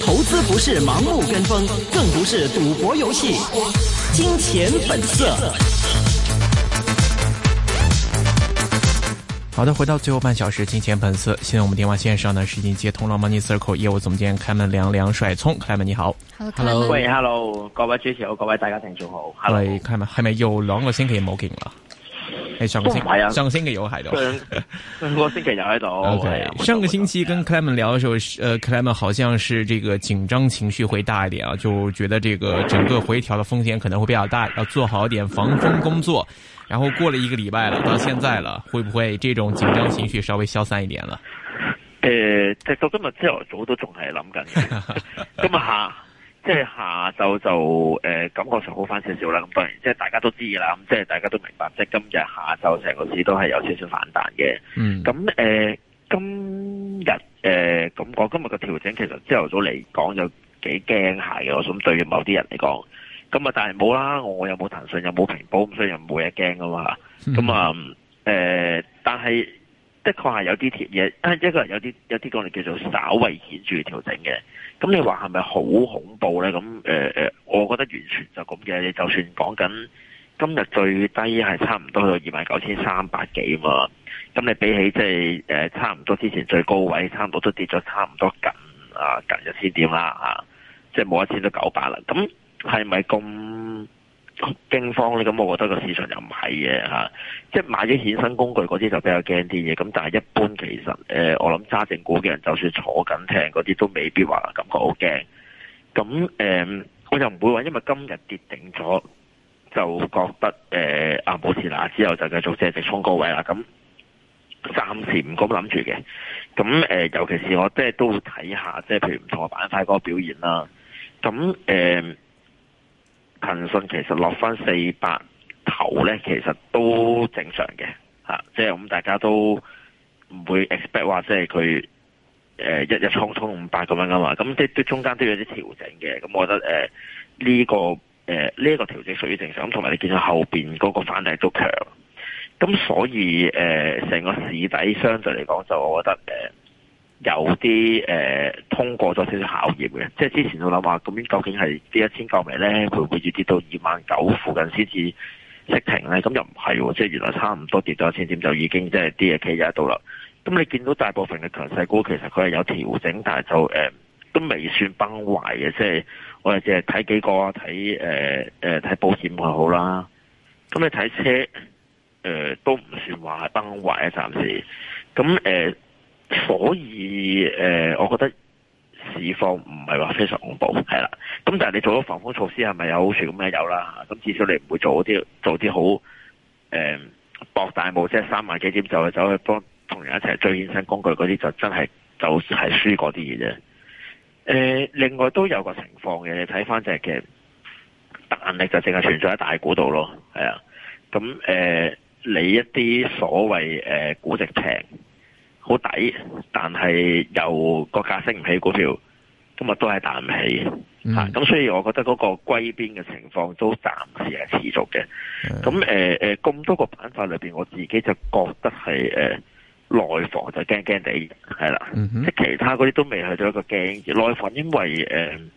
投資不是盲目跟風，更不是賭博遊戲。金錢本色。好的，回到最後半小時，金錢本色。現在我們電話線上呢，是已經接通了 Money Circle 業務總監 Cameron 梁梁帥聰。Cameron 你好。Hello。喂，Hello。各位主持人，各位大家聽眾好。Hello，Cameron，係咪又兩個星期冇見啦？上個星上個星期有喺度，上個海 星期又喺度。OK，上個星期跟 Clayman 聊的時候， 呃，Clayman 好像是這個緊張情緒會大一點啊，就覺得這個整個回調的風險可能會比較大，要做好一點防風工作。然後過了一個禮拜了，到現在了，會不會這種緊張情緒稍微消散一點了？誒，直到今日朝頭早都仲係諗緊。今日吓。即係下晝就誒、呃、感覺上好翻少少啦，咁當然即係大家都知嘅啦，咁即係大家都明白，即係今日下晝成個市都係有少少反彈嘅。嗯，咁誒、呃、今日誒咁，我、呃、今日嘅調整其實朝頭早嚟講就幾驚下嘅，我想對於某啲人嚟講。咁啊，但係冇啦，我又冇騰訊，又冇平保，所以又冇嘢驚噶嘛。咁啊誒，但係。的確係有啲嘢，一個有啲有啲講嚟叫做稍微顯著調整嘅。咁你話係咪好恐怖呢？咁、呃、我覺得完全就咁嘅。你就算講緊今日最低係差唔多去到二萬九千三百幾嘛。咁你比起即係、呃、差唔多之前最高位，差唔多都跌咗差唔多近，近啊近一千點啦，即係冇一千都九百啦。咁係咪咁？驚慌咧，咁我覺得個市場又唔係嘅吓，即係買咗衍生工具嗰啲就比較驚啲嘢，咁但係一般其實誒、呃，我諗揸正股嘅人就算坐緊艇嗰啲都未必話感覺好驚，咁誒、呃，我又唔會話因為今日跌定咗，就覺得誒、呃、啊冇事啦，之後就繼續借力衝高位啦，咁暫時唔咁諗住嘅，咁誒、呃，尤其是我即係都會睇下，即係譬如唔同嘅板塊嗰個表現啦，咁誒。呃騰訊其實落翻四百頭咧，其實都正常嘅，啊、即係咁大家都唔會 expect 話即係佢誒一日衝衝五百咁樣啊嘛，咁即係中間都有啲調整嘅，咁我覺得誒呢、呃呢個誒呢、呃呢個調整屬於正常，咁同埋你見到後面嗰個反彈都強，咁所以誒成、呃、個市底相對嚟講就我覺得誒。呃有啲誒、呃、通過咗少少考驗嘅，即係之前我諗話，咁樣究竟係啲一千夠未咧？佢會唔會要跌到二萬九附近先至識停咧？咁又唔係喎，即係原來差唔多跌咗一千點就已經即係啲嘢企喺度啦。咁你見到大部分嘅強勢股其實佢係有調整，但係就誒、呃、都未算崩壞嘅。即係我哋淨係睇幾個啊，睇誒誒睇保險佢好啦。咁你睇車誒、呃、都唔算話係崩壞啊，暫時咁誒。所以誒、呃，我覺得市況唔係話非常恐怖，係啦。咁但係你做咗防風措施，係咪有好處？咁樣有啦。咁至少你唔會做啲做啲好誒博大霧，即係三萬幾點就去走去幫同人一齊追衍生工具嗰啲，就真係就係輸嗰啲嘢啫。誒、呃，另外都有個情況嘅，你睇翻隻嘅彈力就淨係存在喺大股度咯，係啊。咁誒、呃，你一啲所謂誒、呃、估值平。好抵，但係又個價升唔起，股票今日都係彈唔起吓。咁、嗯啊、所以我覺得嗰個歸邊嘅情況都暫時係持續嘅。咁誒誒、咁、呃、多個板塊裏邊，我自己就覺得係誒內房就驚驚地係啦，即係、嗯、其他嗰啲都未去到一個驚。內房因為誒呢、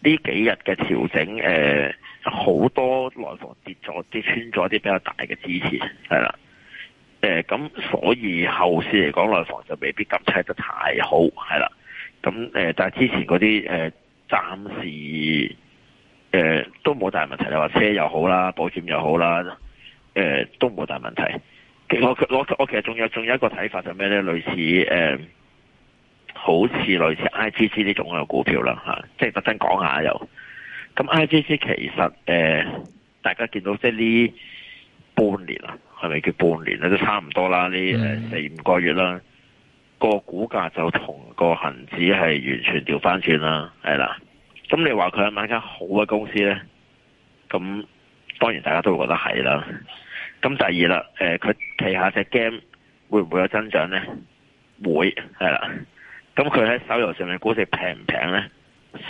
呃、幾日嘅調整，誒、呃、好多內房跌咗跌穿咗啲比較大嘅支持，係啦。誒、呃，咁所以後市嚟講，內房就未必咁車得太好，係啦。咁誒，但係之前嗰啲誒，暫、呃、時誒、呃、都冇大問題。你話車又好啦，保險又好啦，誒、呃、都冇大問題。我我我其實仲有仲有一個睇法就咩咧？類似誒、呃，好似類似 IGG 呢種嘅股票啦，吓、啊，即係特登講下又。咁 IGG 其實誒、呃，大家見到即係呢半年啊。係咪叫半年咧，都差唔多啦？呢誒四五個月啦，個股價就同個恒指係完全調翻轉啦，係啦。咁你話佢係咪間好嘅公司咧？咁當然大家都會覺得係啦。咁第二啦，誒佢旗下隻 game 會唔會有增長咧？會係啦。咁佢喺手遊上面估值平唔平咧？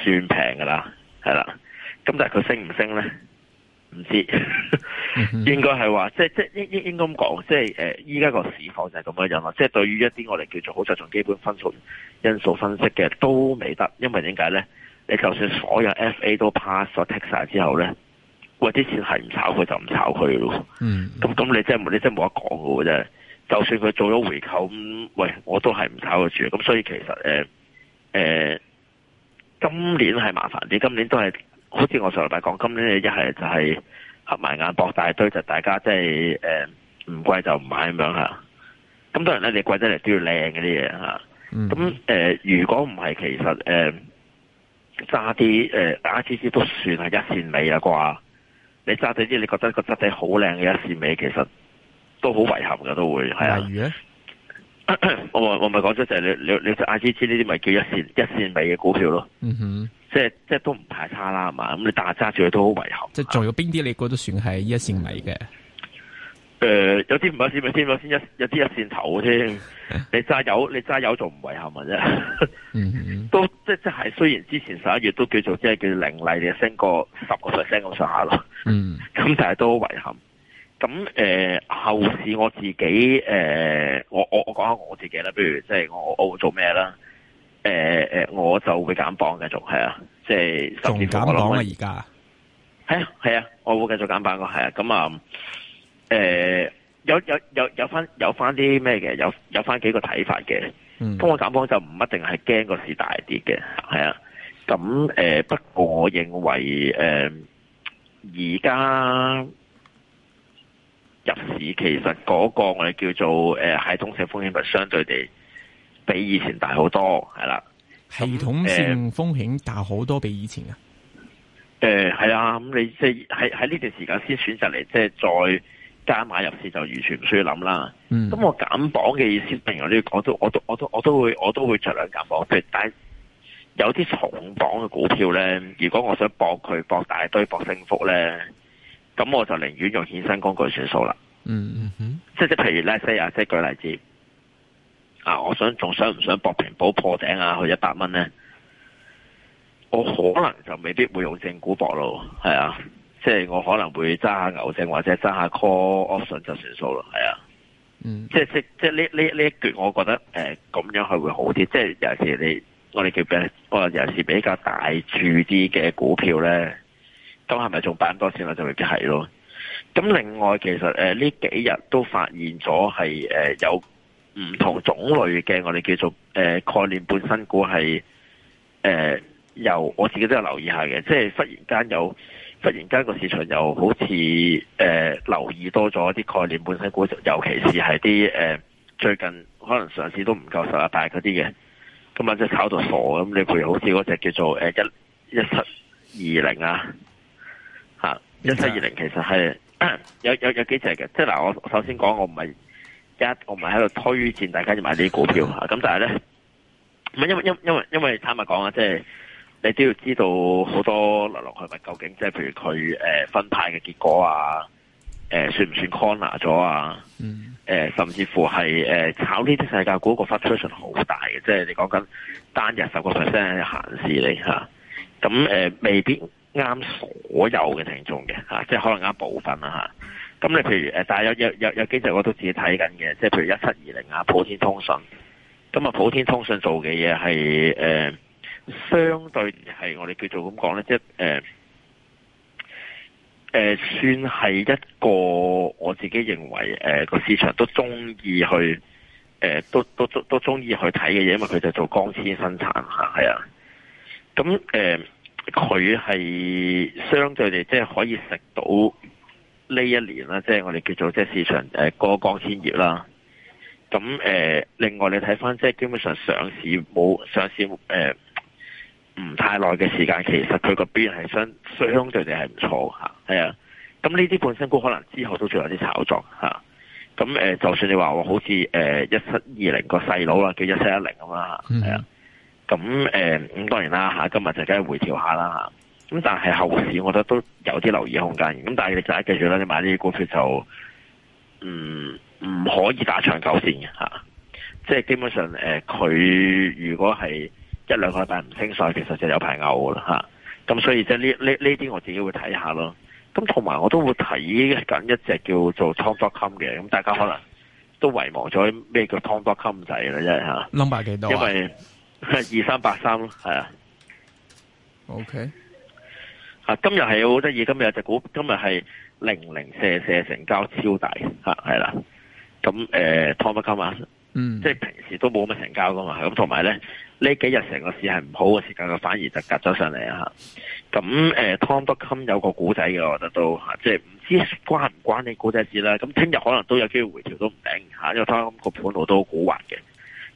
算平噶啦，係啦。咁但係佢升唔升咧？唔知 應該，應該係話即係即係應應應該咁講，即係誒，依家個市況就係咁嘅樣咯。即係對於一啲我哋叫做好着重基本因素因素分析嘅，都未得，因為點解咧？你就算所有 FA 都 pass 咗 take 晒之後咧，喂，啲錢係唔炒佢就唔炒佢咯。咁、嗯、咁、嗯、你真係你真係冇得講嘅喎真係。就算佢做咗回購，咁、嗯，喂，我都係唔炒佢住。咁所以其實誒誒、呃呃，今年係麻煩啲，今年都係。好似我上禮拜講，今年一係就係合埋眼博大堆，就是、大家即係誒唔貴就唔、是呃、買咁樣吓。咁當然咧，你貴得嚟都要靚嗰啲嘢吓。咁、嗯、誒、呃，如果唔係，其實誒揸啲誒大家知都算係一線尾啊啩。你揸到啲你覺得個質地好靚嘅一線尾，其實都好遺憾㗎，都會係啊。例如咧？ 我我咪講咗就係、是、你你你，你就 I G C 呢啲咪叫一線一線尾嘅股票咯，嗯哼，即係即係都唔排差啦，係嘛？咁你但係揸住佢都好遺憾，即係仲有邊啲你覺得算係一線尾嘅？誒、呃，有啲唔係一線尾添，有啲一有啲一線頭添， 你揸有你揸有仲唔遺憾啊？啫， 嗯，都即係即係，雖然之前十一月都叫做即係叫凌厲，你升過十個 percent 咁上下咯，嗯，咁但係都好遺憾。咁誒、呃，後市我自己誒、呃，我我我講下我自己啦。比如即係我我會做咩啦？誒、呃、誒，我就會減磅繼續係啊，即係重減磅啊而家。係啊係啊，我會繼續減磅個係啊。咁、呃嗯、啊，誒有有有有翻有翻啲咩嘅？有有翻幾個睇法嘅。通過減磅就唔一定係驚個市大跌嘅，係啊。咁誒，不過我認為誒，而、呃、家。入市其實嗰個我哋叫做誒系統性風險，係相對地比以前大好多，係啦。系統性風險大好多比以前啊？誒係啊，咁你即係喺喺呢段時間先選擇嚟，即係再加碼入市就完全唔需要諗啦。咁、嗯、我減磅嘅意思，正如你我都我都我都我都會我都會盡量減磅，但係有啲重磅嘅股票咧，如果我想博佢博大堆博升幅咧。咁我就寧願用衍生工具算數啦。嗯嗯哼、嗯，即係即係譬如 let say 啊，即係舉例子啊，我想仲想唔想搏平保破頂啊？去一百蚊咧，我可能就未必會用正股搏咯。係啊，即係我可能會揸下牛證或者揸下 call option 就算數咯。係啊，嗯，即係即即係呢呢呢一橛，我覺得誒咁、呃、樣係會好啲。即係尤其你我哋叫嘅，我，比我尤其比較大注啲嘅股票咧。咁係咪仲掹多先啦我就未必係咯。咁另外，其實誒呢、呃、幾日都發現咗係誒有唔同種類嘅我哋叫做誒、呃、概念半新股係誒由我自己都有留意下嘅，即係忽然間有忽然間個市場又好似誒、呃、留意多咗啲概念半新股，尤其是係啲誒最近可能上市都唔夠十日大嗰啲嘅。咁呀即係炒到傻咁，你譬如好似嗰隻叫做誒一一七二零啊。一七二零其實係、嗯、有有有幾隻嘅，即係嗱，我首先講，我唔係一，我唔係喺度推薦大家要買呢啲股票嚇，咁、啊、但係咧，唔係因為因因為因為，因為坦白講啊，即、就、係、是、你都要知道好多落落去咪究竟，即、就、係、是、譬如佢誒、呃、分派嘅結果啊，誒、呃、算唔算 corner 咗啊？嗯，誒、呃、甚至乎係誒、呃、炒呢啲世界股個 fluctuation 好大嘅，即、就、係、是、你講緊單日十個 percent 嘅閒事嚟嚇，咁誒、啊呃、未必。啱所有嘅聽眾嘅嚇、啊，即係可能啱部分啦吓。咁、啊、你譬如誒、呃，但係有有有有幾隻我都自己睇緊嘅，即係譬如一七二零啊，普天通信。咁、嗯、啊，普天通信做嘅嘢係誒相對係我哋叫做咁講咧，即係誒誒，算係一個我自己認為誒個、呃、市場都中意去誒、呃、都都都中意去睇嘅嘢，因為佢就做光纖生產嚇，係啊。咁誒、啊。佢係相對地，即係可以食到呢一年啦，即係我哋叫做即係市場誒過江千葉啦。咁誒、呃，另外你睇翻，即係基本上上市冇上市誒唔、呃、太耐嘅時間，其實佢個表現係相相對地係唔錯吓，係啊。咁呢啲半新股可能之後都仲有啲炒作吓。咁誒、呃，就算你話我好似誒一七二零個細佬啦，叫一七一零咁啦，係、嗯、啊。咁誒咁當然啦，今日就梗係回調下啦。咁但係後市，我覺得都有啲留意空間。咁但係你就係記住啦，你買呢啲股票就，唔、嗯、唔可以打長久線嘅、啊、即係基本上誒，佢、呃、如果係一兩個禮拜唔升曬，其實就有排嘔噶啦。咁所以即係呢呢呢啲我自己會睇下咯。咁同埋我都會睇緊一隻叫做 Tom.com 嘅。咁大家可能都遺忘咗咩叫 Tom.com 仔啦，即係嚇。number 幾？係 二三八三咯，係啊。OK。啊，今日係好得意，今日有隻股今日係零零四四，成交超大，吓係啦。咁誒，Tom.com 啊，即係平時都冇乜成交噶嘛。咁同埋咧，嗯嗯嗯、呢幾日成個市係唔好嘅時間，佢反而就夾咗上嚟啊。咁、啊、誒、啊，Tom.com 有個股仔嘅，我覺得都吓，即係唔知關唔關你股仔事啦。咁聽日可能都有機會回調都唔定吓、啊，因為 Tom 個盤路都好古惑嘅。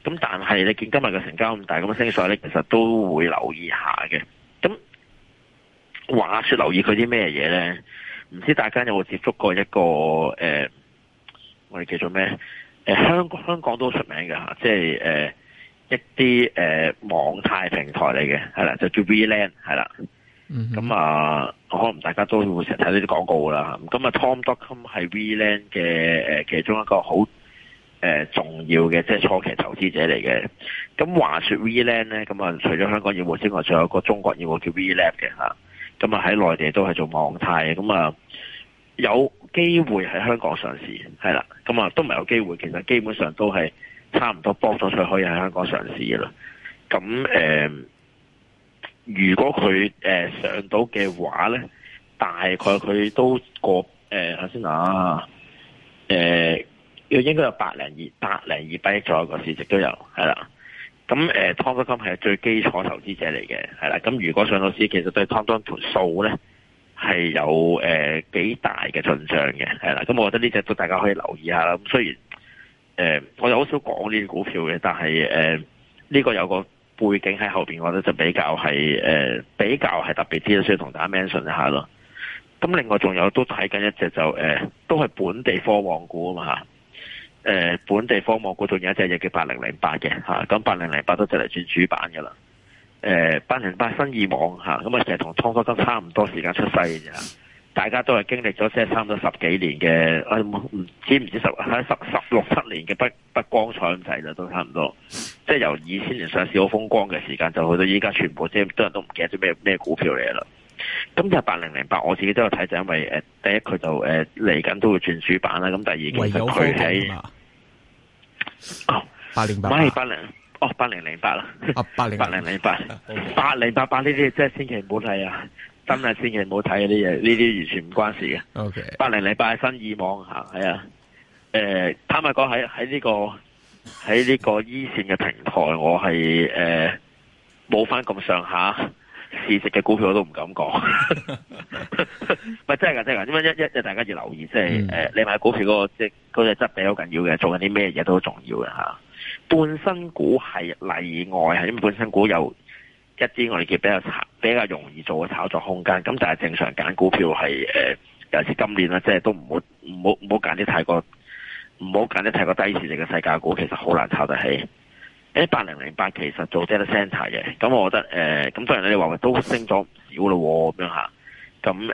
咁但係你見今日嘅成交咁大咁嘅升勢咧，其實都會留意下嘅。咁話說留意佢啲咩嘢咧？唔知大家有冇接觸過一個誒、呃，我哋叫做咩？誒、呃，香港香港都出名噶，即係誒、呃、一啲誒、呃、網貸平台嚟嘅，係啦，就叫 WeLend 係啦。咁、嗯、啊，呃、可能大家都會成日睇呢啲廣告噶啦。咁啊，Tom.com 係 WeLend 嘅誒、呃、其中一個好。誒、呃，重要嘅即係初期投資者嚟嘅。咁話說 Vland 咧，咁啊除咗香港業務之外，仲有個中國業務叫 VLab 嘅吓。咁啊喺內地都係做網貸嘅。咁啊有機會喺香港上市，係啦。咁啊都唔係有機會，其實基本上都係差唔多幫咗佢可以喺香港上市嘅啦。咁誒、呃，如果佢誒、呃、上到嘅話咧，大概佢都過誒，阿、呃、先啊，誒、呃。要應該有百零二、百零二百億左右個市值都有，係啦。咁誒，湯本金係最基礎投資者嚟嘅，係啦。咁如果上到市其實對湯本盤數咧係有誒幾、呃、大嘅進賬嘅，係啦。咁我覺得呢隻都大家可以留意一下啦。咁雖然誒、呃、我有好少講呢啲股票嘅，但係誒呢個有個背景喺後面，我覺得就比較係誒、呃、比較係特別啲，需要同大家 mention 一下咯。咁另外仲有都睇緊一隻就誒，都係、呃、本地科網股啊嘛～誒、呃，本地科網嗰度有一隻嘢，叫八零零八嘅，吓，咁八零零八都就嚟轉主板噶啦。誒、啊，八零八新意網吓，咁啊，啊其實同創科都差唔多時間出世嘅啫，大家都係經歷咗即係差唔多十幾年嘅，唔、啊、知唔知十十十,十六七年嘅唔唔光彩咁滯啦，都差唔多，即係由二千年上市好風光嘅時間，就去到依家全部即係都人都唔記得啲咩咩股票嚟啦。今日八零零八，我自己都有睇，就係、因為誒，第一佢就誒嚟緊都會轉主板啦。咁第二其實佢喺哦八零八唔係八零哦八零零八啦，八零八零零八，八零八八呢啲真係千祈唔好睇啊！真係千祈唔好睇呢啲，呢啲完全唔關事嘅。O K，八零零八新意網吓，係啊，誒、呃，坦白講喺喺呢個喺呢個一、e、線嘅平台，我係誒冇翻咁上下。呃市值嘅股票我都唔敢講， 唔係真係噶真係噶，因為一一大家要留意，即係誒，你買的股票嗰、嗰個即係只質比較緊要嘅，做緊啲咩嘢都好重要嘅吓。半新股係例外，係因為半新股有一啲我哋叫比較比較容易做嘅炒作空間。咁但係正常揀股票係誒、呃，尤其是今年啦，即、就、係、是、都唔好唔好唔好揀啲太過唔好揀啲太過低市值嘅細價股，其實好難炒得起。誒、欸，八零零八其實做 data center 嘅，咁我覺得誒，咁、呃、當然你話佢都升咗唔少咯，咁樣吓，咁誒，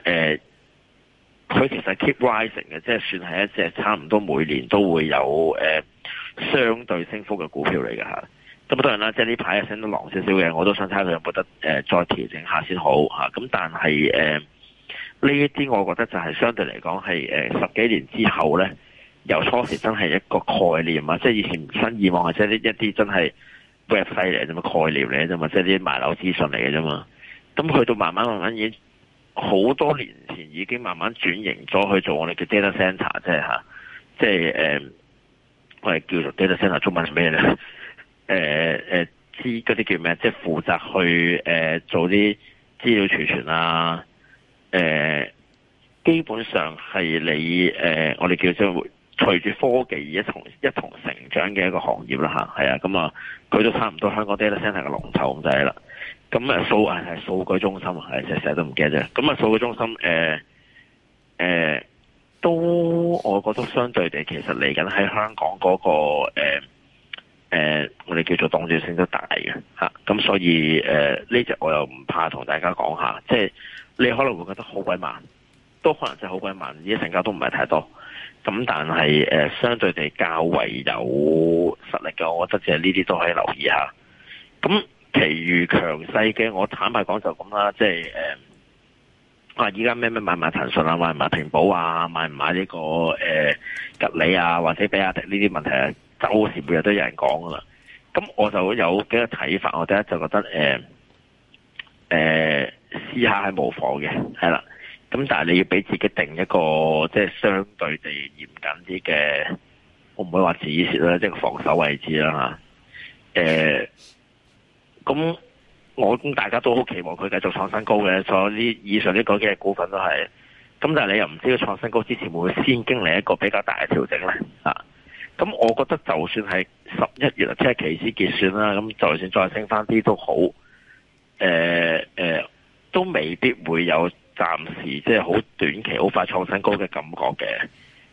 佢、呃、其實 keep rising 嘅，即係算係一隻差唔多每年都會有誒、呃、相對升幅嘅股票嚟嘅吓，咁當然啦，即係呢排升得狼少少嘅，我都想睇、呃、下佢有冇得誒再調整下先好吓，咁、啊、但係誒呢一啲我覺得就係相對嚟講係誒十幾年之後咧。由初時真係一個概念啊，即係以前新意網啊，即呢一啲真係 very 犀利嘅咁嘅概念嚟嘅啫嘛，即係啲買樓資訊嚟嘅啫嘛。咁去到慢慢慢慢已經好多年前已經慢慢轉型咗去做我哋叫 data center 即係吓，即係誒、呃，我哋叫做 data center 中文係咩咧？誒、呃、誒，知嗰啲叫咩？即係負責去誒、呃、做啲資料儲存啊，誒、呃，基本上係你誒、呃，我哋叫即隨住科技而一同一同成長嘅一個行業啦，吓係啊，咁、就是、啊，佢都差唔多香港 data center 嘅龍頭咁就係啦。咁啊，數係數據中心啊，係成日都唔記得啫。咁啊，數據中心誒誒、呃呃，都我覺得相對地，其實嚟緊喺香港嗰、那個誒誒、呃呃，我哋叫做檔次性都大嘅吓。咁、啊、所以誒，呢、呃、只、這個、我又唔怕同大家講下，即、就、係、是、你可能會覺得好鬼慢，都可能就係好鬼慢，而家成交都唔係太多。咁但係、呃、相對地較為有實力嘅，我覺得即係呢啲都可以留意下。咁，其餘強勢嘅，我坦白講就咁啦，即係誒，啊依家咩咩買唔買騰訊呀？買唔買平保呀？買唔買呢、這個誒、呃、吉利呀、啊？或者比亞迪呢啲問題、啊，週時每日都有人講㗎喇。咁我就有幾個睇法，我咧就覺得誒誒試下係無妨嘅，係啦。咁但係你要俾自己定一個即係、就是、相對地嚴謹啲嘅，我唔會話止蝕啦，即、就、係、是、防守位置啦吓。誒、呃，咁我咁大家都好期望佢繼續創新高嘅，所有啲以上呢嗰幾隻股份都係。咁但係你又唔知佢創新高之前會唔會先經歷一個比較大嘅調整咧咁、啊、我覺得就算係十一月即係期指結算啦，咁就算再升翻啲都好。誒、呃、誒、呃，都未必會有。暫時即係好短期、好快創新高嘅感覺嘅，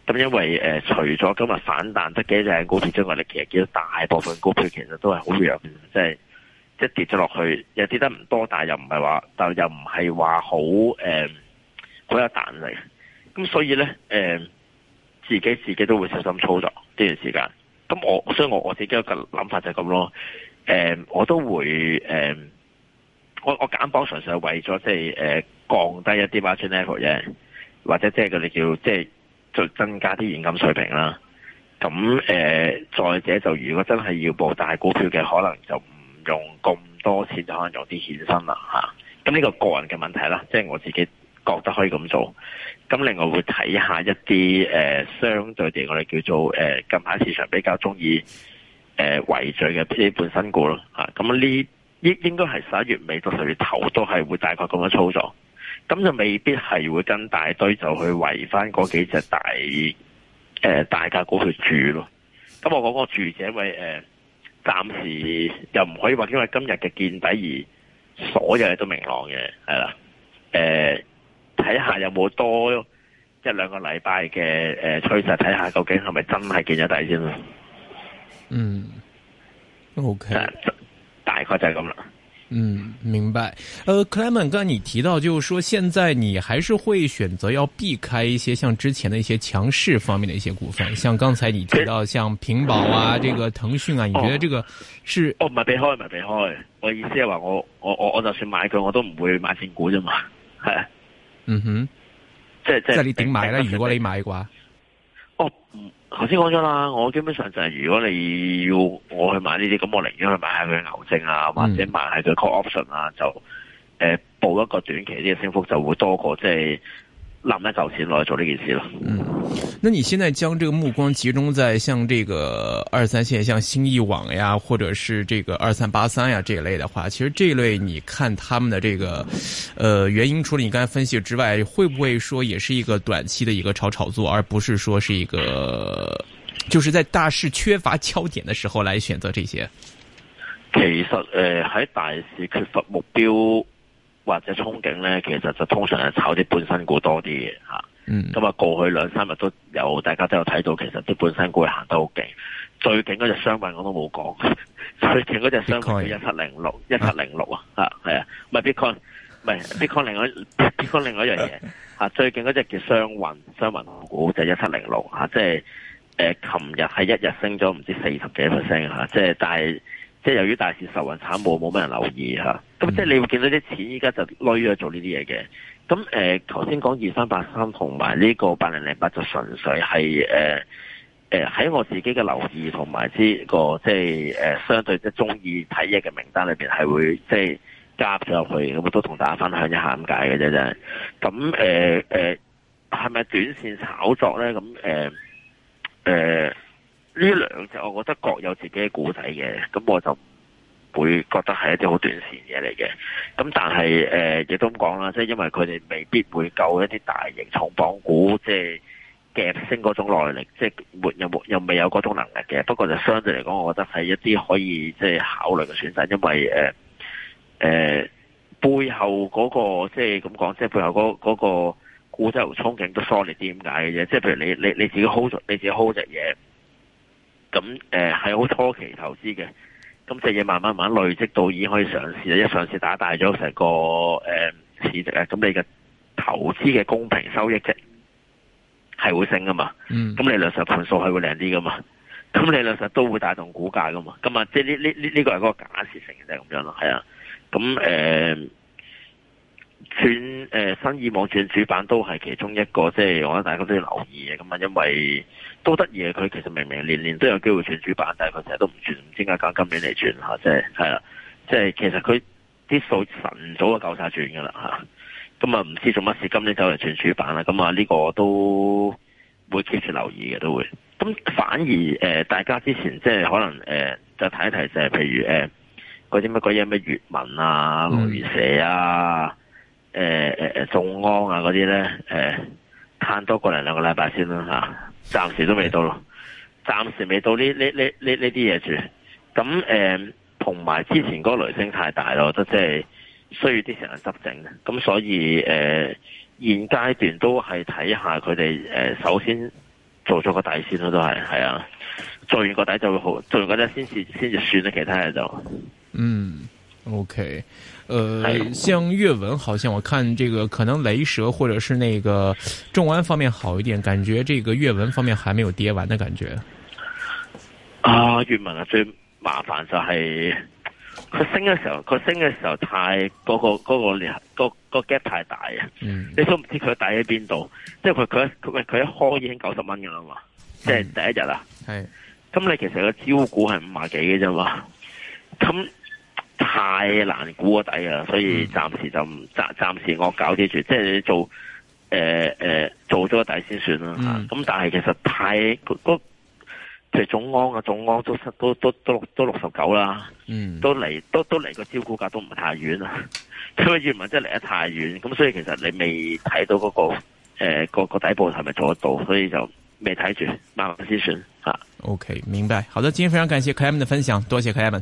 咁因為誒、呃、除咗今日反彈得幾隻股票之外，你其實見到大部分股票其實都係好弱嘅，即、就、係、是、跌咗落去，又跌得唔多，但係又唔係話，但又唔係話好誒、呃、好有彈力。咁所以咧，誒、呃、自己自己都會小心操作呢段時間。咁我所以我我自己嘅諗法就係咁咯。誒、呃，我都會誒、呃，我我減磅純粹係為咗即係誒。呃降低一啲 investment level 嘅，或者即係佢哋叫即係就是、增加啲現金水平啦。咁誒、呃，再者就如果真係要報大股票嘅，可能就唔用咁多錢，就可能有啲衍生啦吓。咁、啊、呢個個人嘅問題啦，即、就、係、是、我自己覺得可以咁做。咁另外會睇下一啲誒、呃、相對地，我哋叫做誒、呃、近排市場比較中意誒圍聚嘅資本新股咯吓。咁、啊、呢應應該係十一月尾到十二月頭都係會大概咁樣操作。咁就未必係會跟大隊就去圍翻嗰幾隻大誒、呃、大價股去住咯。咁我講個住者位誒，呃、暫時又唔可以話因為今日嘅見底而所有嘢都明朗嘅，係啦。誒、呃，睇下有冇多一兩個禮拜嘅誒趨勢，睇下究竟係咪真係見咗底先啦。嗯。OK。啊。大概就係咁啦。嗯，明白。呃，Clayman，剛才你提到，就是說，現在你還是會選擇要避開一些像之前的一些強勢方面的一些股份，像剛才你提到像平保、啊，像平保啊，這個騰訊啊、哦，你覺得這個是？哦，唔係避開，唔係避開，我意思係話我我我我就算買佢，我都唔會買正股啫嘛，係，嗯哼，即係即係你點買咧？如、嗯、果、啊、你買嘅話，我、哦、唔。嗯頭先講咗啦，我基本上就係、是、如果你要我去買呢啲，咁我寧願去買下佢嘅牛證啊，或者買下佢 call option 啊，就誒報一個短期啲嘅升幅，就會多過即係。就是冧一嚿錢落嚟做呢件事了。嗯，那你現在將這個目光集中在像這個二三線，像新意網呀，或者是這個二三八三呀這一類的話，其實這一類，你看他們的這個，呃，原因，除了你剛才分析之外，會不會說也是一個短期的一個炒炒作，而不是說是一個，就是在大市缺乏敲點的時候來選擇這些。其實呃，喺大市缺乏目標。或者憧憬咧，其實就通常係炒啲半新股多啲嘅嚇。咁、嗯、啊，過去兩三日都有，大家都有睇到，其實啲半新股行得好勁。最勁嗰隻商運我都冇講，最勁嗰隻商運一七零六一七零六啊嚇，係啊，唔、啊、係、啊、bitcoin，唔係 bitcoin, bitcoin 另外一樣嘢嚇。最勁嗰隻叫商運商運股就一七零六嚇，即係誒琴日係一日升咗唔知四十幾 percent 嚇，即係但係。即係由於大市受運慘，冇冇咩人留意嚇，咁即係你會見到啲錢依家就攞咗做呢啲嘢嘅。咁誒頭先講二三八三同埋呢個八零零八就純粹係誒誒喺我自己嘅留意同埋呢個即係誒、呃、相對即係中意睇嘢嘅名單裏邊係會即係加上去，咁我都同大家分享一下咁解嘅啫啫。咁誒誒係咪短線炒作咧？咁誒誒。呃呃呢兩隻，我覺得各有自己嘅故仔嘅，咁我就唔會覺得係一啲好短線嘢嚟嘅。咁但係誒，亦都咁講啦，即係、就是、因為佢哋未必會夠一啲大型重磅股，即係夾升嗰種耐力，即、就、係、是、沒又沒又未有嗰種能力嘅。不過就相對嚟講，我覺得係一啲可以即係、就是、考慮嘅選擇，因為誒誒、呃呃、背後嗰、那個即係咁講，即、就、係、是就是、背後嗰、那、嗰個故仔同憧憬都多啲點解嘅啫。即、就、係、是、譬如你你你自己 hold 住，你自己 hold 隻嘢。咁誒係好初期投資嘅，咁隻嘢慢慢慢慢累積到已經可以上市啦，一上市打大咗成個誒、呃、市值啊，咁你嘅投資嘅公平收益值係會升噶嘛，咁你盤數係會靚啲噶嘛，咁你六十都會帶動股價噶嘛，咁啊，即係呢呢呢呢個係嗰個假設性嘅，就係咁樣咯，係啊，咁、呃、誒。轉誒、呃，新意網轉主板都係其中一個，即係我覺得大家都要留意嘅，咁啊，因為都得意嘅，佢其實明明年年都有機會轉主板，但係佢成日都唔轉，唔知點解搞今年嚟轉吓，即係係啦，即係其實佢啲數神早就夠晒轉噶啦吓，咁啊唔、嗯、知做乜事，今年走嚟轉主板啦，咁啊呢、嗯這個我都會 keep 住留意嘅都會。咁反而誒、呃，大家之前即係可能誒、呃，就提一提就係譬如誒，嗰啲乜鬼嘢咩粵文啊、雷蛇啊。誒誒誒，呃、安啊嗰啲咧，誒、呃，嘆多過嚟兩個禮拜先啦吓，暫、啊、時都未到咯，暫時未到呢呢呢呢呢啲嘢住。咁、啊、誒，同、呃、埋之前個個雷聲太大咯，即係需要啲成人執整。咁所以誒、呃，現階段都係睇下佢哋誒，首先做咗個底先咯、啊，都係係啊，做完個底就會好，做完個底先至先算啦，其他嘢就嗯。O K，誒，像閱文，好像我看這個可能雷蛇或者是那個眾安方面好一點，感覺這個閱文方面還沒有跌完的感覺。啊，閱文啊最麻煩就係、是、佢升嘅時候，佢升嘅時候太嗰、那個嗰、那個、那個、那個 gap 太大啊、嗯！你都唔知佢底喺邊度，即係佢佢佢佢一開已經九十蚊噶啦嘛，即、就、係、是、第一日啊，係、嗯，咁你其實個招股係五十幾嘅啫嘛，咁。太難估個底啊，所以暫時就暫暫時我搞啲住，即係你做誒誒、呃呃、做咗個底先算啦。咁、嗯、但係其實太都，總總安啊，總安都失都都都都六十九啦，都嚟都都嚟、嗯、個招股價都唔係太遠啊。佢啊原文真係嚟得太遠，咁所以其實你未睇到嗰、那個誒、呃、個個底部係咪做得到，所以就未睇住慢慢先算、啊、o、okay, k 明白。好的，今天非常感謝 Kevin 的分享，多謝 Kevin